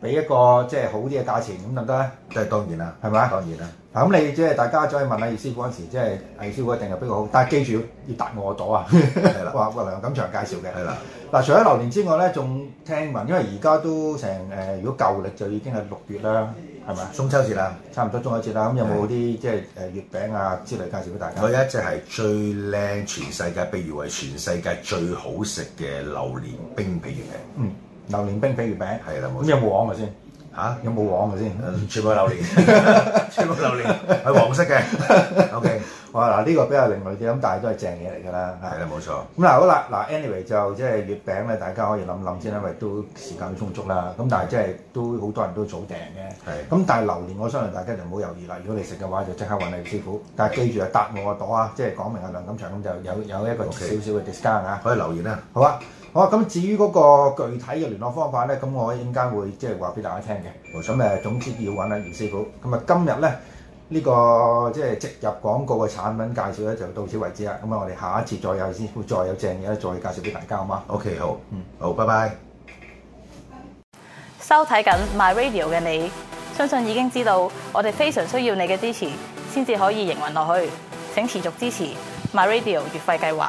俾一個即係好啲嘅價錢咁得唔得咧，即係當然啦，係咪？當然啦。嗱，咁你即係大家再問下易師傅嗰陣時，即係阿易師傅一定係比較好。但係記住要答我度啊！係 啦的，哇哇！梁錦祥介紹嘅。係啦的。嗱、啊，除咗榴蓮之外咧，仲聽聞，因為而家都成誒、呃，如果舊歷就已經係六月啦，係咪？中秋節啦，差唔多中秋節啦。咁的有冇啲即係誒、呃、月餅啊之類介紹俾大家？佢一隻係最靚全世界，被譽為全世界最好食嘅榴蓮冰皮月餅。嗯。榴蓮冰皮月餅係啦，冇。咁有冇黃嘅先？嚇，有冇黃嘅先？全部榴蓮，全部榴蓮，係黃色嘅。OK，我話嗱呢個比較另類啲，咁但係都係正嘢嚟㗎啦。係啦，冇錯。咁嗱，好啦，嗱，anyway 就即係月餅咧，大家可以諗諗先，因為都時間充足啦。咁但係即係都好多人都早訂嘅。係。咁但係榴蓮，我相信大家就唔好猶豫啦。如果你食嘅話，就即刻揾你師傅。但係記住啊，搭我個朵啊，即係講明阿梁錦祥咁就有有一個少少嘅 discount 啊。可以留言啊，好啊。好，咁至於嗰個具體嘅聯絡方法咧，咁我一陣間會即係話俾大家聽嘅。咁誒，總之要揾阿袁師傅。咁啊，今日咧呢個即係植入廣告嘅產品介紹咧，就到此為止啦。咁啊，我哋下一次再有先，會再有正嘢再介紹俾大家，好嗎？OK，好，嗯，好，拜拜。收睇緊 My Radio 嘅你，相信已經知道我哋非常需要你嘅支持先至可以營運落去。請持續支持 My Radio 月費計劃。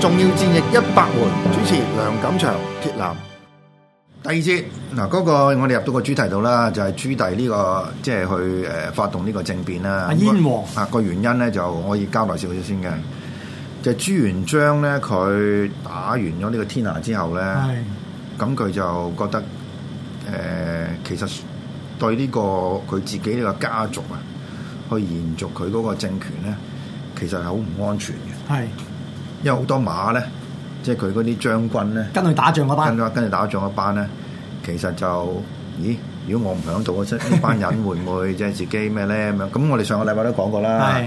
重要戰役一百回，主持梁錦祥、鐵男。第二節嗱，嗰、那個我哋入到個主題度啦，就係、是、朱棣呢、這個，即、就、係、是、去誒發動呢個政變啦。啊和，燕王啊，個原因咧就可以交代少少先嘅，就是、朱元璋咧，佢打完咗呢個天下之後咧，咁佢是就覺得誒、呃，其實對呢、這個佢自己呢個家族啊，去延續佢嗰個政權咧，其實係好唔安全嘅。係。因為好多馬咧，即係佢嗰啲將軍咧，跟佢打仗嗰班，跟跟佢打仗班咧，其實就，咦？如果我唔響度嘅班人妹妹，會唔會即係自己咩咧咁樣？咁我哋上個禮拜都講過啦，是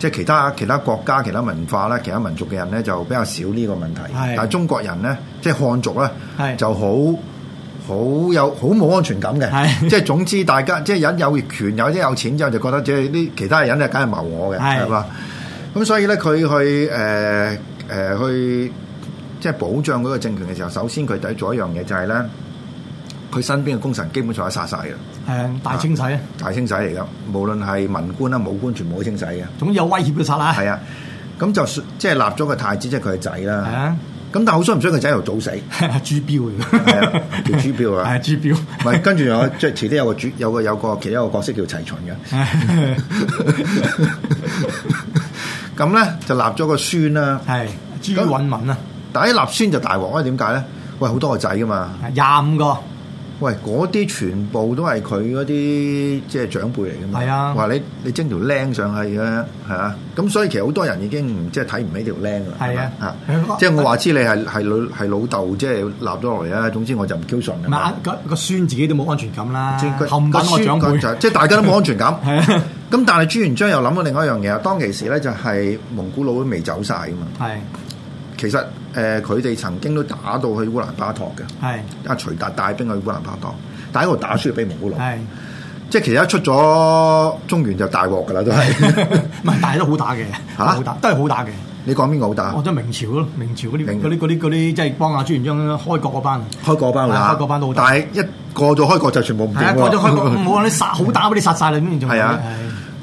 即係其他其他國家、其他文化咧、其他民族嘅人咧，就比較少呢個問題。是但係中國人咧，即係漢族咧，是就好好有好冇安全感嘅。係是，即係總之大家即係有有權有啲有錢之後就覺得即係啲其他人咧，梗係謀我嘅係嘛。咁所以咧，佢、呃呃、去誒誒去即係保障嗰個政權嘅時候，首先佢第一做一樣嘢就係咧，佢身邊嘅功臣基本上都殺晒嘅。係啊，大清洗啊，大清洗嚟噶，無論係文官啦、武官，全部都清洗嘅。總有威脅嘅殺啦。係啊，咁就即係立咗個太子，即係佢嘅仔啦。係啊的，咁但係好衰唔衰佢仔又早死。係啊 彪的，朱 標啊，係啊，叫朱標啊。朱標。唔 跟住又即係遲啲有個主，有個有個其他一個角色叫齊秦嘅。 咁咧就立咗個孫啦，係朱允炆啊！但一立孫就大鑊，因為點解咧？喂，好多個仔噶嘛，廿五個。喂，嗰啲全部都係佢嗰啲即係長輩嚟噶嘛？係啊，話你你整條靚上去嘅，係啊。咁所以其實好多人已經即係睇唔起條靚㗎。係啊，即係我話知你係係老係老豆，即係立咗落嚟啦。總之我就唔 Q 上嘅。唔係個孫自己都冇安全感啦，後生個長輩即係大家都冇安全感。係啊。咁但係朱元璋又諗到另外一樣嘢啊！當其時咧就係蒙古佬都未走晒噶嘛。係是，其實誒佢哋曾經都打到去烏蘭巴托嘅。係是。阿徐達帶兵去烏蘭巴托，但係嗰度打輸俾蒙古佬。係是。即係其實一出咗中原就大鑊噶啦，都係。唔係是， 但係都好打嘅。嚇、啊？好打都係好打嘅。你講邊個好打？我覺得明朝咯，明朝嗰啲啲啲即係幫阿朱元璋開國嗰班。開國班㗎。開國班好打。但係一。過咗開國就全部唔掂、啊，過咗開國冇話你殺好打,打，俾你殺晒你咁樣就係啊。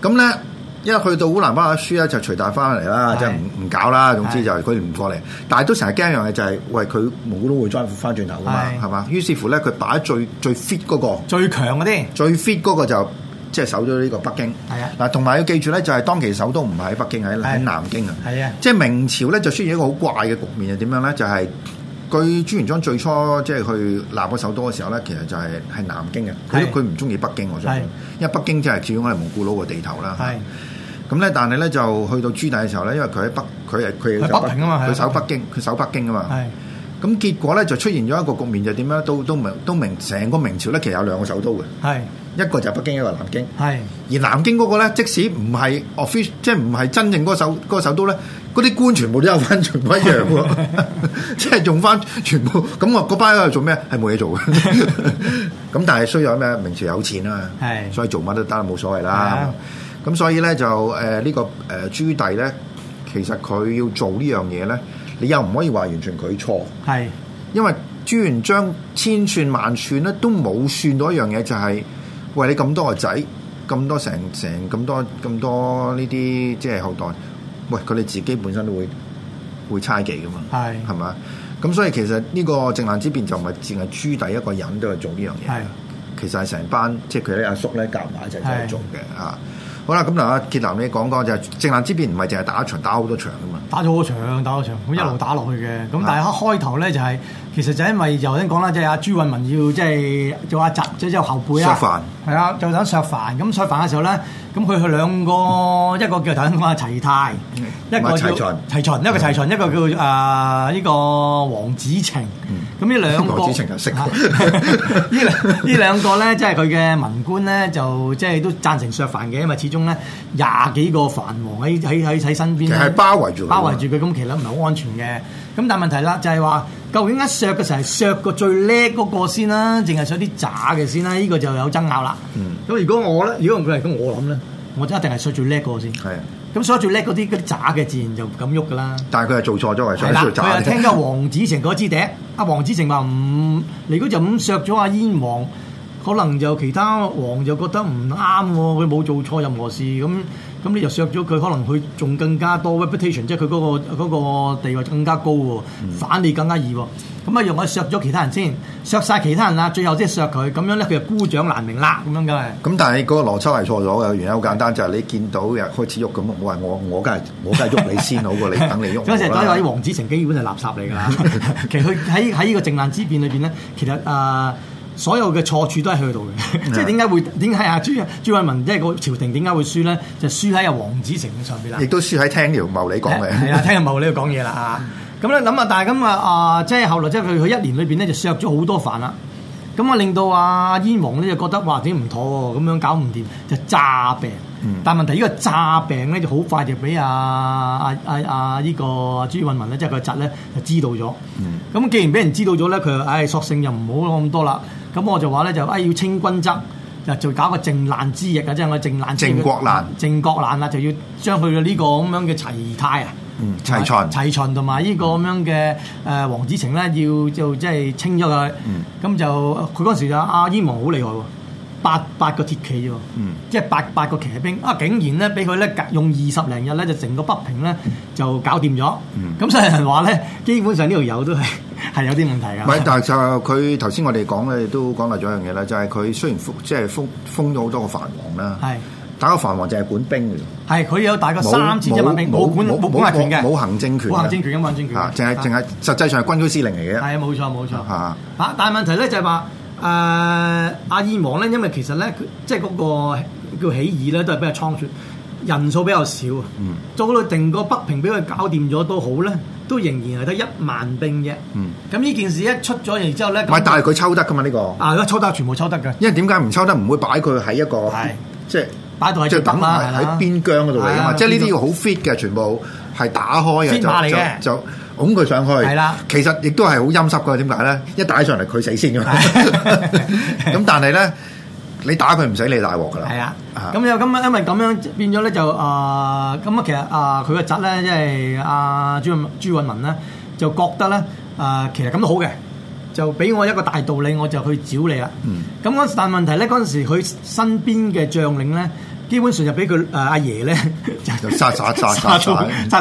咁咧、啊，嗯嗯為一去到烏蘭巴克輸咧，就徐達翻嚟啦，即係唔唔搞啦。總之就佢哋唔過嚟，啊、但係都成日驚一樣嘢就係、是，喂佢冇都會翻轉頭噶嘛，係嘛？於是乎咧，佢擺最最 fit 嗰個最強嗰啲，最 fit 嗰、那個、個就即係守咗呢個北京。係啊，嗱，同埋要記住咧，就係當其首都唔係喺北京，喺喺南京啊。係啊，啊即係明朝咧，就出現一個好怪嘅局面，係點樣咧？就係、是。據朱元璋最初即係去立個首都嘅時候咧，其實就係係南京嘅。佢佢唔中意北京，我相信，是因為北京即、就、係、是、始終我哋蒙古佬嘅地頭啦。咁咧是，但係咧就去到朱棣嘅時候咧，因為佢喺北，佢係佢喺北平啊嘛，佢守北京，佢守北京啊嘛。咁結果咧就出現咗一個局面，就點樣？到到明，到明成個明朝咧，其實有兩個首都嘅。係一個就係北京，一個係南京。係而南京嗰個咧，即使唔係 official，即係唔係真正嗰個首嗰個首都咧，嗰啲官全部都有翻，全部一樣喎。即係用翻全部。咁我嗰班喺度做咩？係冇嘢做嘅。咁但係需要咩？明朝有錢啊。係所以做乜都得，冇所謂啦。咁所以咧就誒呢個誒朱棣咧，其實佢要做呢樣嘢咧。你又唔可以話完全佢錯，係是，因為朱元璋千算萬算咧，都冇算到一樣嘢就係、是，喂你咁多個仔，咁多成成咁多咁多呢啲即係後代，喂佢哋自己本身都會會猜忌㗎嘛，係是，係嘛？咁所以其實呢個靖難之變就唔係淨係朱棣一個人都係做呢樣嘢，是其實係成班即係佢啲阿叔咧夾埋一齊做嘅嚇。是好啦，咁嗱阿鐵男你講講就係、是、靖難之變唔係淨係打一場，打好多場㗎嘛。打咗好多場，打好多場，咁一路打落去嘅。咁、啊、但係一開頭咧就係、是、其實就因為頭先講啦，即係阿朱允炆要即係做阿侄，即係做後輩飯啊、就是削。削藩係啊，就想削藩。咁削藩嘅時候咧。咁佢佢兩個，嗯、一個叫頭先阿齊泰塵，一個秦，齊秦，一個齊秦，嗯、一個叫誒呢、呃這個黃子澄。咁呢兩個子澄又識。呢呢兩個咧，即係佢嘅文官咧，就即係都贊成削藩嘅，因為始終咧廿幾個藩王喺喺喺喺身邊，其實係包圍住包圍住佢，咁其實唔係好安全嘅。咁但係問題啦，就係話。究竟一削嘅時候係削個最叻嗰個先啦、啊，淨係削啲渣嘅先啦、啊，呢、這個就有爭拗啦。咁、嗯、如果我咧，如果佢嚟，咁我諗咧，我一定係削最叻嗰個先。係啊的，咁所以最叻嗰啲啲渣嘅自然就唔敢喐噶啦。但係佢係做錯咗，係想削渣，佢又聽咗黃子澄嗰支笛，阿黃 子澄話唔你嗰就咁削咗阿燕王，可能就其他王就覺得唔啱喎，佢冇做錯任何事咁。咁你又削咗佢，可能佢仲更加多 reputation，即係佢嗰個地位更加高喎，嗯、反你更加易喎。咁啊，用我削咗其他人先，削晒其他人啦，最後即係削佢。咁樣咧，佢就孤掌難鳴啦，咁樣嘅、梗係。咁但係嗰個邏輯係錯咗嘅，原因好簡單，就係、係、你見到又開始喐咁，我話我我梗係我梗係喐你先好過你等你喐。嗰陣時嗰位黃子澄基本係垃圾嚟㗎啦。其實佢喺喺呢個靖難之變裏邊咧，其實誒。所有嘅錯處都喺去到嘅，即係點解會點解啊？朱朱允炆即係個朝廷點解會輸咧？就輸喺阿黃子澄嘅上邊啦。亦都輸喺聽條茂你講嘅。係啊，聽人謀你講嘢啦嚇。咁咧諗啊，但係咁啊啊，即係後來即係佢佢一年裏邊咧就削咗好多藩啦。咁啊令到阿燕王咧就覺得話點唔妥喎，咁樣搞唔掂就詐病。但係問題呢個詐病咧就好快就俾阿阿阿阿呢個朱允炆咧，即係佢侄咧就知道咗。咁既然俾人知道咗咧，佢唉索性就唔好咁多啦。咁我就話咧就誒要清君側，就就搞個靖難之役啊！即係我靖難靖國難靖國難啊，就要將佢嘅呢個咁樣嘅齊泰啊，嗯，齊秦，齊秦同埋呢個咁樣嘅誒黃子澄咧，要、嗯、就即係清咗佢。咁就佢嗰時就阿燕王好厲害喎。八八個鐵騎喎，即係八八個騎兵，啊，竟然咧俾佢咧用二十零日咧就成個北平咧就搞掂咗。咁所以人話咧，基本上呢條友都係係有啲問題嘅。唔係，但就佢頭先我哋講嘅，都講到咗一樣嘢啦，就係佢雖然即係封封咗好多個藩王啦，係，但個藩王就係管兵嘅。係，佢有大概三次幾萬兵，冇管，冇冇冇冇冇行政權冇行政權嘅，冇行政權嘅，淨係淨係實際上係軍區司令嚟嘅。係啊，冇錯冇錯。嚇！啊，但係問題咧就係話。誒阿燕王咧，因為其實咧，即係嗰個叫起義咧，都係比較倉促，人數比較少啊。做到定個北平俾佢搞掂咗都好咧，都仍然係得一萬兵嘅。咁呢件事一出咗然之後咧，唔係，但係佢抽得噶嘛呢個啊，如果抽得全部抽得嘅。因為點解唔抽得？唔會擺佢喺一個，即係擺到喺邊疆嗰度嚟啊嘛。即係呢啲嘢好 fit 嘅，全部係打開啊，就就。拱佢上去，係啦，其實亦都係好陰濕噶，點解咧？一打上嚟，佢死先噶嘛。咁但係咧，你打佢唔使理大鑊噶啦。係啊，咁又咁，因為咁樣變咗咧，就啊咁啊，其實啊，佢個侄咧，即係啊、呃、朱朱允炆咧，就覺得咧啊、呃，其實咁都好嘅，就俾我一個大道理，我就去找你啦。嗯。咁嗰時，但問題咧，嗰陣時佢身邊嘅將領咧。基本上就俾佢阿阿爺咧，就殺殺殺殺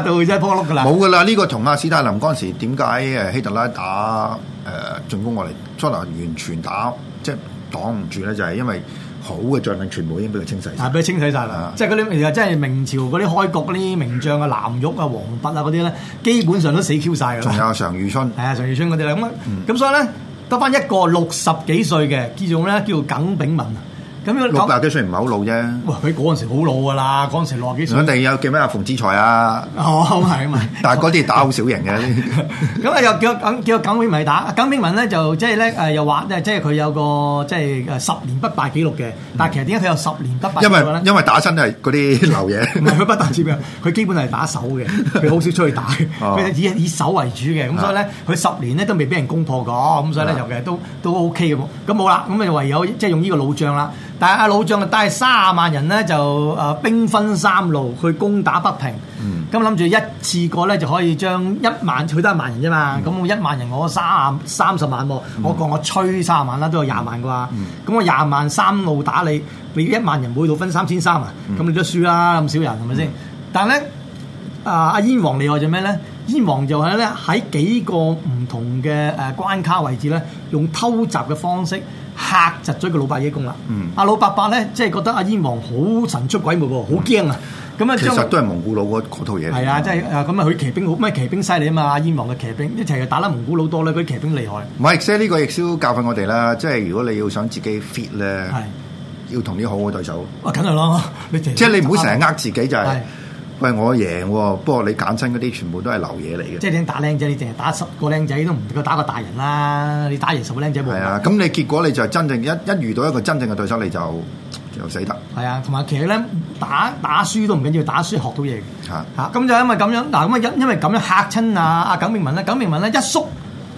到佢真係破碌噶啦。冇噶啦，呢個同阿斯大林嗰陣時點解誒希特拉打誒、啊、進攻我哋蘇聯完全打即係擋唔住咧，就係、是、因為好嘅將領全部已經俾佢清洗晒俾清洗曬啦。即係嗰啲嘢，即係、啊、明朝嗰啲開國嗰啲名將啊，藍玉啊、黃弼啊嗰啲咧，基本上都死 Q 晒噶啦。仲、嗯、有常遇春，係、嗯、啊，常遇春嗰啲啦。咁咁、嗯、所以咧，得翻一個六十幾歲嘅叫做咩？叫耿炳文。咁六十幾歲唔係好老啫。哇、哎！佢嗰陣時好老㗎啦，嗰陣時六十幾歲。肯定、嗯、有叫咩阿馮子材啊？好啊， 係啊嘛。但係嗰啲打好小型嘅。咁啊，又叫啊叫啊耿炳文打。耿炳文咧就即係咧誒，又話咧即係佢、呃、有個即係誒十年不敗紀錄嘅。嗯、但係其實點解佢有十年不敗紀錄？因為因為打親都係嗰啲流嘢。佢 不打接嘅，佢基本係打手嘅，佢好少出去打佢 以以，以手為主嘅，咁所以咧，佢、啊、十年咧都未俾人攻破過。咁所以咧，尤其、啊、都都 OK 嘅。咁冇啦，咁就唯有即係用呢個老將啦。但係阿老將啊，帶三十萬人咧，就、呃、誒兵分三路去攻打北平。咁諗住一次過咧，就可以將一萬，佢得一萬人啫嘛。咁我、嗯、一萬人我 30, 30萬，嗯、我三三十萬，我講我吹三十萬啦，都有廿萬啩。咁我廿萬三路打你，你一萬人每度分三千三啊，咁你都輸啦，咁少人係咪先？是是呢嗯、但係咧，阿、呃、阿、啊、燕王厲害就咩咧？燕王就係咧喺幾個唔同嘅誒關卡位置咧，用偷襲嘅方式。嚇窒咗個老伯爺公啦！阿、嗯、老伯伯咧，即係覺得阿燕王好神出鬼沒喎，好驚啊！咁啊、嗯，樣其實都係蒙古佬嗰套嘢。係啊，即係啊，咁啊，佢騎兵好咩？騎兵犀利啊嘛！阿燕王嘅騎兵一齊打甩蒙古佬多啦，嗰啲騎兵厲害。唔係，即係呢個亦都教訓我哋啦。即係如果你要想自己 fit 咧是，要同啲好嘅對手。哇、啊，梗係啦！即係你唔好成日呃自己就係、是。喂，我贏喎，不過你揀親嗰啲全部都係流嘢嚟嘅。即係你打僆仔，你淨係打十個僆仔都唔夠打個大人啦！你打贏十個僆仔冇？係啊，咁你結果你就真正一一遇到一個真正嘅對手，你就就死得。係啊，同埋其實咧，打打輸都唔緊要，打輸學到嘢。嚇咁就因為咁樣嗱，咁啊因因為咁樣嚇親啊啊！耿明文咧，耿明文咧一縮，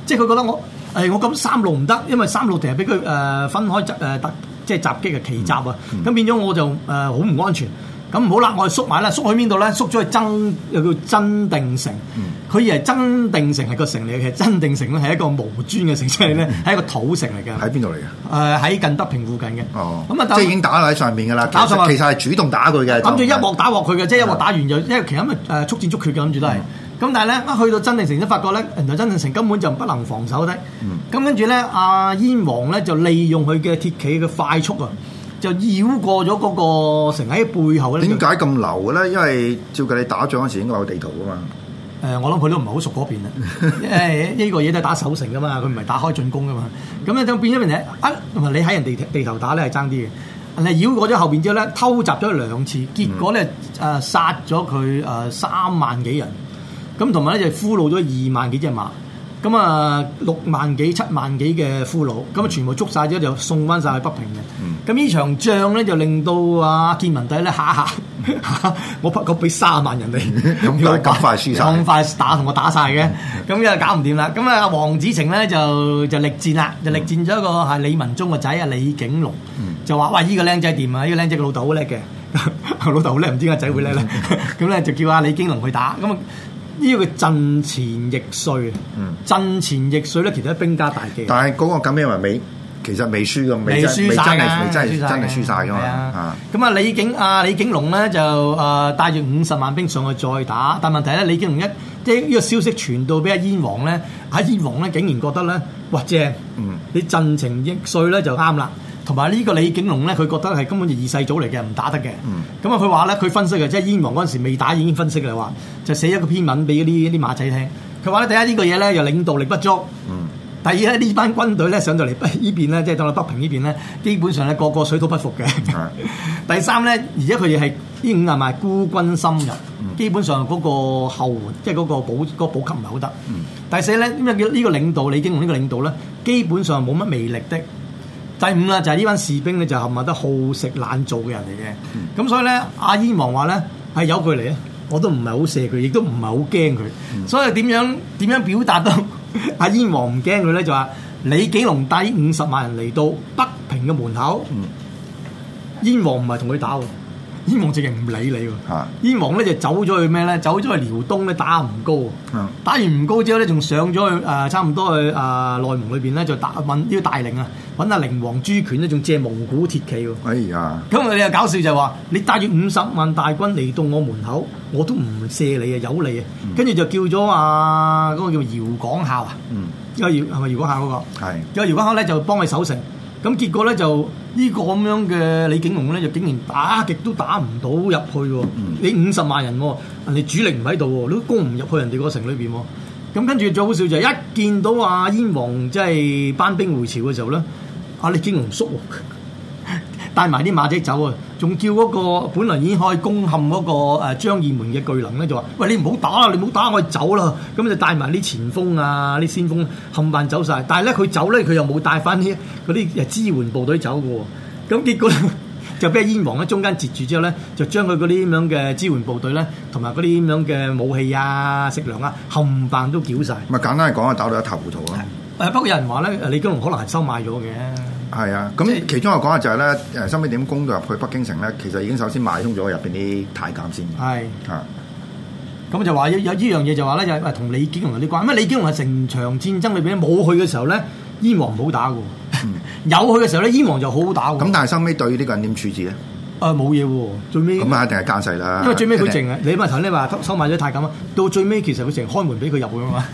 即係佢覺得我誒我咁三路唔得，因為三路成日俾佢誒分開誒突即係襲擊嘅奇襲啊！咁變咗我就誒好唔安全。咁唔好啦，我哋縮埋啦，縮去邊度咧？縮咗去真又叫真定城，佢而係真定城係個城嚟嘅，真定城咧係一個無磚嘅城，即係咧係一個土城嚟嘅。喺邊度嚟嘅？誒，喺近德平附近嘅。哦，咁啊，即係已經打喺上面噶啦。打上啊，其實係主動打佢嘅。諗住一鑊打鑊佢嘅，即係一鑊打完就，因為其實咁誒速戰速決嘅諗住都係。咁但係咧，一去到真定城都發覺咧，人哋真定城根本就不能防守得。咁跟住咧，阿燕王咧就利用佢嘅鐵騎嘅快速啊！就繞過咗嗰個城喺背後嗰啲。點解咁流嘅咧？因為照計你打仗嗰陣時應該有地圖噶嘛。誒、呃，我諗佢都唔係好熟嗰邊啊。誒、 呃，呢、呢個嘢都係打守城噶嘛，佢唔係打開進攻噶嘛。咁咧就變咗乜嘢？啊，唔係你喺人地地頭打咧係爭啲嘅。你繞過咗後邊之後咧，偷襲咗佢兩次，結果咧誒、嗯、殺咗佢誒三萬幾人。咁同埋咧就俘虜咗二萬幾隻馬。咁啊、嗯，六萬幾七萬幾嘅俘虜，咁啊全部捉曬咗就送翻晒去北平嘅。咁呢、嗯、場仗咧就令到啊建文帝咧下下我不過俾三萬人哋，咁、嗯、快輸曬，快打同我打晒嘅，咁又搞唔掂啦。咁啊黃子澄咧就就薦力薦啦，就力薦咗一個係李文忠個仔啊李景隆，嗯、就話話呢個靚仔掂啊，呢個靚仔個老豆好叻嘅，老豆好叻，唔知個仔會叻咧？咁咧就叫阿李景隆去打，咁、嗯、啊。呢個叫陣前易帥啊！嗯，陣前易帥咧，其實係兵家大忌。但係嗰個咁樣話未，其實未輸咁未輸晒噶輸真係、啊、真係輸晒噶嘛。咁啊，李景啊，李景隆咧就誒帶住五十萬兵上去再打，但係問題咧，李景隆一即係呢個消息傳到俾阿燕王咧，阿燕王咧竟然覺得咧，哇正！嗯，你陣前易帥咧就啱啦。同埋呢個李景龍咧，佢覺得係根本就二世祖嚟嘅，唔打得嘅。咁啊、嗯，佢話咧，佢分析嘅，即係燕王嗰陣時未打已經分析嘅話，就寫一個篇文俾啲啲馬仔聽。佢話咧，第一、這個、呢個嘢咧又領導力不足。嗯、第二咧，呢班軍隊咧上到嚟呢邊咧，即係到到北平呢邊咧，基本上咧個個水土不服嘅。 第三咧，而且佢哋係五十萬孤軍深入，嗯、基本上嗰個後援即係嗰個補嗰、那個補、那個、補給唔係好得。嗯、第四咧，因為叫呢個領導李景龍呢個領導咧，基本上冇乜魅力的。第五啦，就係呢班士兵咧，就係物得好食懶做嘅人嚟嘅。咁、嗯、所以咧，阿燕王話咧係有佢嚟咧，我都唔係好射佢，亦都唔係好驚佢。嗯、所以點樣點樣表達到阿 燕王唔驚佢咧？就話、是、李景隆帶五十萬人嚟到北平嘅門口，嗯、燕王唔係同佢打燕王直情唔理你喎，燕、啊、王咧就走咗去咩咧？走咗去遼東咧打吳高，打，高、嗯、打完吳高之後咧，仲上咗去誒、呃、差唔多去誒內、呃、蒙裏邊咧，就打問呢個大寧啊，揾阿寧王朱權咧，仲借蒙古鐵騎喎。哎呀！咁啊你又搞笑就係話，你帶住五十萬大軍嚟到我門口，我都唔借你啊，有你、嗯、啊，跟住就叫咗啊，嗰個叫姚廣孝啊，因為姚係咪姚廣孝嗰個？係是，因為姚廣孝咧就幫佢守城。咁結果咧就呢個咁樣嘅李景龍咧，就這這呢竟然打極都打唔到入去喎、哦！嗯、你五十萬人、哦，人哋主力唔喺度喎，都攻唔入去人哋個城裏邊喎。咁跟住最好笑就係一見到阿、啊、燕王即係班兵回朝嘅時候咧，阿、啊、李景龍縮、哦。 帶埋啲馬仔走啊，仲叫嗰個本來已經可以攻陷嗰個誒張掖門嘅瞿能咧，就話：喂，你唔好打啦，你唔好打，我走啦。咁就帶埋啲前鋒啊、啲先鋒冚唪唥走晒。但係咧，佢走咧，佢又冇帶翻啲啲支援部隊走嘅喎。咁結果咧 就俾阿燕王喺中間截住之後咧，就將佢嗰啲咁樣嘅支援部隊咧，同埋嗰啲咁樣嘅武器啊、食糧啊，冚唪唥都繳晒。咪簡單嚟講啊，打到一塌糊塗啊！誒不過有人話咧，誒李景隆可能係收買咗嘅。係啊，咁其中我講嘅就係、是、咧，誒收尾點攻入去北京城咧，其實已經首先買通咗入邊啲太監先。係啊是，咁是就話有有呢樣嘢就話咧，就係同李景隆有啲關係。咁李景隆喺成場戰爭裏邊冇佢嘅時候咧，燕王唔好打嘅；嗯、 有佢嘅時候咧，燕王就好好打嘅、嗯。咁但係收尾對於呢個人點處置咧？啊冇嘢喎，最尾咁啊，一定係奸細啦。因為最尾佢淨啊，你咪頭先話收埋咗太監啊，到最尾其實佢成日開門俾佢入啊嘛。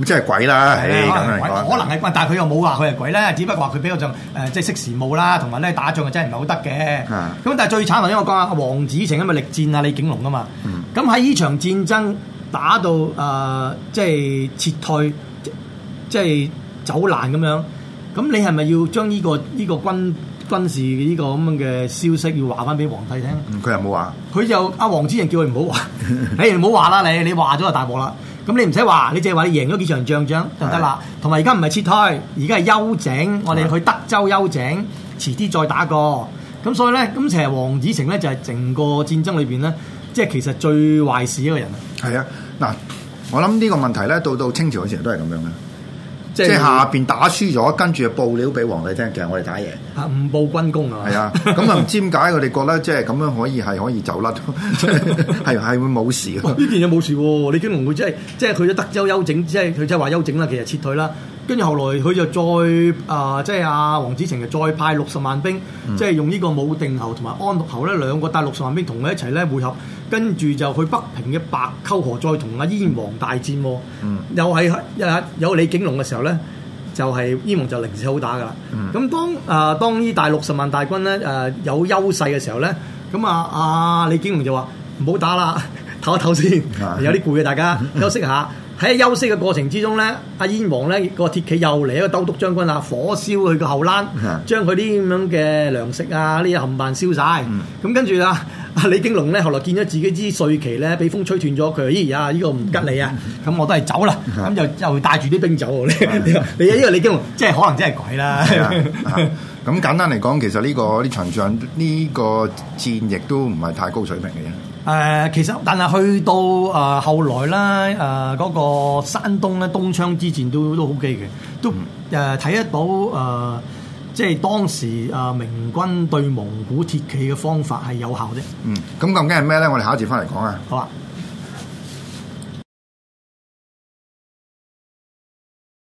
咁真係鬼啦，可能係，可能係，但係佢又冇話佢係鬼咧，只不過話佢比較上誒、呃，即係識時務啦，同埋咧打仗啊，真係唔係好得嘅。咁但係最慘係因為我講下黃子成啊嘛力戰啊李景隆啊嘛。咁喺呢場戰爭打到誒、呃呃，即係撤退，即係走難咁樣。咁你係咪要將呢、這個呢、這個這個軍？軍事嘅呢個咁樣嘅消息要話翻俾皇帝聽，佢、嗯、又冇話，佢就阿、啊、黃子澄叫佢唔好話， 你唔好話啦你，你話咗就大鑊啦。咁你唔使話，你淨係話你贏咗幾場仗仗就得啦。同埋而家唔係撤退，而家係休整。我哋去德州休整，遲啲再打過。咁所以咧，咁其實黃子澄咧就係整個戰爭裏邊咧，即、就、係、是、其實最壞事一個人。係啊，嗱，我諗呢個問題咧，到到清朝嘅時候都係咁樣嘅。即係下邊打輸咗，跟住就報料俾皇帝聽，其實我哋打贏嘅。啊，唔報軍功啊的？係啊，咁又唔知點解佢哋覺得即係咁樣可以係可以走甩，係係會冇事。呢、哦、件嘢冇事喎，李經龍李景隆佢即係即係去咗德州休整，即係佢即係話休整啦，其實撤退啦。跟住後來佢就再啊，即係阿黃子晴就再派六十萬兵，嗯、即係用呢個武定侯同埋安陸侯咧兩個帶六十萬兵同佢一齊咧會合，跟住就去北平嘅白溝河再同阿燕王大戰喎、哦。嗯又，又係一有李景龍嘅時候咧，就係、是、燕王就零時好打㗎啦。咁、嗯、當啊、呃、當呢大六十萬大軍咧誒、呃、有優勢嘅時候咧，咁啊阿、啊、李景龍就話唔好打啦，唞 一唞先，有啲攰啊，大家休息下。 喺休息嘅過程之中咧，阿燕王咧個鐵騎又嚟，一個都督將軍啦，火燒佢個後欄，將佢啲咁樣嘅糧食啊，呢啲冚唪唥燒晒。咁跟住啊，阿李景隆咧，後來見咗自己支帥旗咧，俾風吹斷咗，佢話，咦啊，呢個唔吉利啊，咁我都係走啦，咁就又帶住啲兵走。你，你因為李景隆即係可能真係鬼啦。咁簡單嚟講，其實呢個呢場仗呢個戰役都唔係太高水平嘅。誒、呃、其實，但係去到誒、呃、後來咧，誒、呃、嗰、那個山東咧，東昌之戰都都好勁嘅，都誒睇、嗯呃、得到誒、呃，即係當時誒、呃、明軍對蒙古鐵騎嘅方法係有效嘅。嗯，咁究竟係咩咧？我哋下一節翻嚟講啊。好啊。